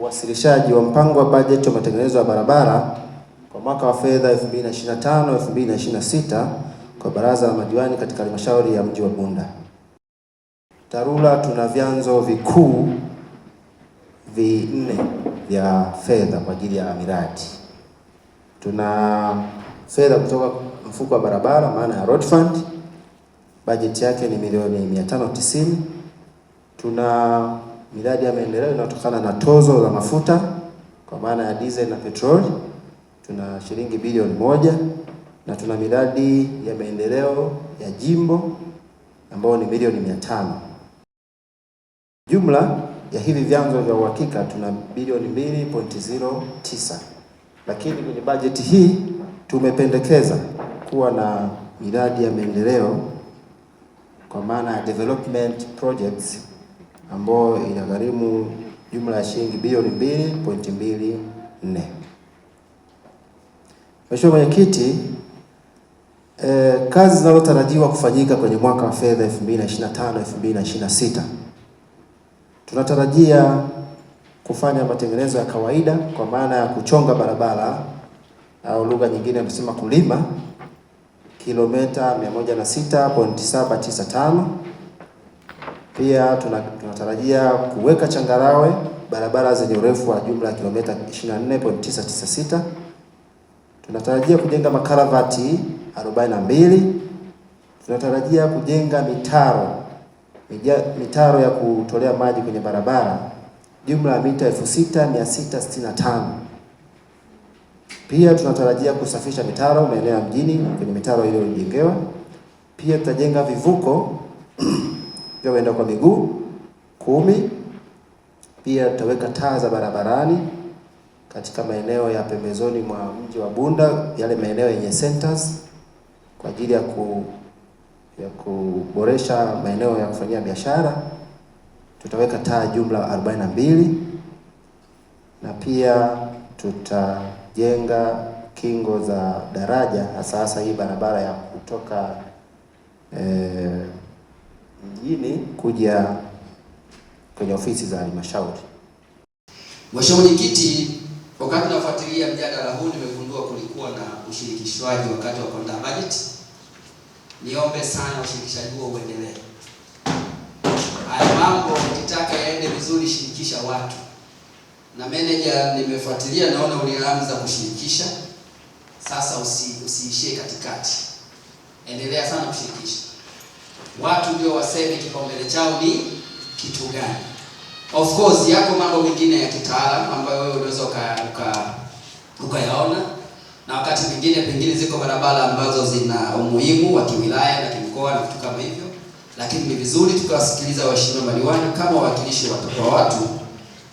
uwasilishaji wa mpango wa bajeti wa matengenezo ya barabara kwa mwaka wa fedha 2025 2026 kwa baraza la madiwani katika halmashauri ya mji wa Bunda. TARURA tuna vyanzo vikuu vinne vya fedha kwa ajili ya miradi. Tuna fedha kutoka mfuko wa barabara, maana ya road fund, bajeti yake ni milioni 590. Tuna miradi ya maendeleo inayotokana na tozo za mafuta kwa maana ya diesel na petroli, tuna shilingi bilioni moja na tuna miradi ya maendeleo ya jimbo ambayo ni milioni mia tano. Jumla ya hivi vyanzo vya uhakika tuna bilioni 2.09, lakini kwenye bajeti hii tumependekeza kuwa na miradi ya maendeleo kwa maana ya development projects ambayo inagharimu jumla ya shilingi bilioni mbili pointi mbili nne. Mheshimiwa Mwenyekiti, e, kazi zinazotarajiwa kufanyika kwenye mwaka wa fedha 2025 2026 tunatarajia kufanya matengenezo ya kawaida kwa maana ya kuchonga barabara au lugha nyingine tunasema kulima kilometa 106.795 pia tunatarajia kuweka changarawe barabara zenye urefu wa jumla ya kilomita 24.996. Tunatarajia kujenga makaravati 42. Tunatarajia kujenga mitaro mitaro ya kutolea maji kwenye barabara jumla ya mita 6665. Pia tunatarajia kusafisha mitaro maeneo ya mjini kwenye mitaro ile iliyojengewa. Pia tutajenga vivuko pia waenda kwa miguu kumi. Pia tutaweka taa za barabarani katika maeneo ya pembezoni mwa mji wa Bunda, yale maeneo yenye centers kwa ajili ya ku ya kuboresha maeneo ya kufanyia biashara. Tutaweka taa jumla 42 na pia tutajenga kingo za daraja hasa hasa hii barabara ya kutoka eh, mjini kuja kwenye ofisi za halmashauri. Mheshimiwa Mwenyekiti, wakati nafuatilia mjadala huu nimegundua kulikuwa na ushirikishwaji wakati wa kuandaa bajeti. Niombe sana ushirikishaji huo uendelee. Haya mambo ukitaka yaende vizuri, shirikisha watu. Na manager. nimefuatilia naona ulianza kushirikisha sasa, usi, usiishie katikati, endelea sana kushirikisha watu ndio waseme kipaumbele chao ni kitu gani. Of course yako mambo mengine ya kitaalamu ambayo wewe unaweza ukayaona, na wakati mwingine pengine ziko barabara ambazo zina umuhimu wa kiwilaya na kimkoa na vitu kama hivyo, lakini ni vizuri tukawasikiliza waheshimiwa madiwani kama wawakilishi wa watu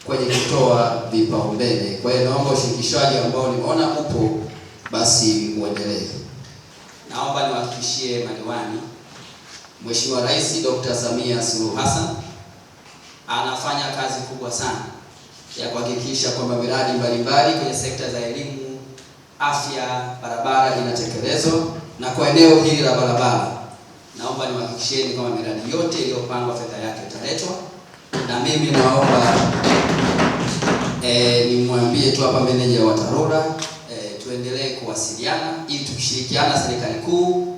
kwenye kutoa vipaumbele. Kwa hiyo naomba ushirikishaji ambao nimeona upo basi uendelee. Naomba niwahakikishie madiwani Mheshimiwa Rais Dr. Samia Suluhu Hassan anafanya kazi kubwa sana ya kuhakikisha kwamba miradi mbalimbali kwenye sekta za elimu, afya, barabara inatekelezwa na kwa eneo hili la barabara naomba niwahakikishieni kwamba miradi yote iliyopangwa fedha yake italetwa, na mimi naomba e, nimwambie tu hapa meneja wa TARURA e, tuendelee kuwasiliana ili tukishirikiana serikali kuu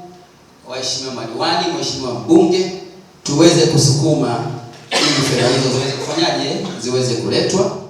waheshimiwa madiwani, waheshimiwa mbunge, tuweze kusukuma ili fedha hizo ziweze kufanyaje, ziweze kuletwa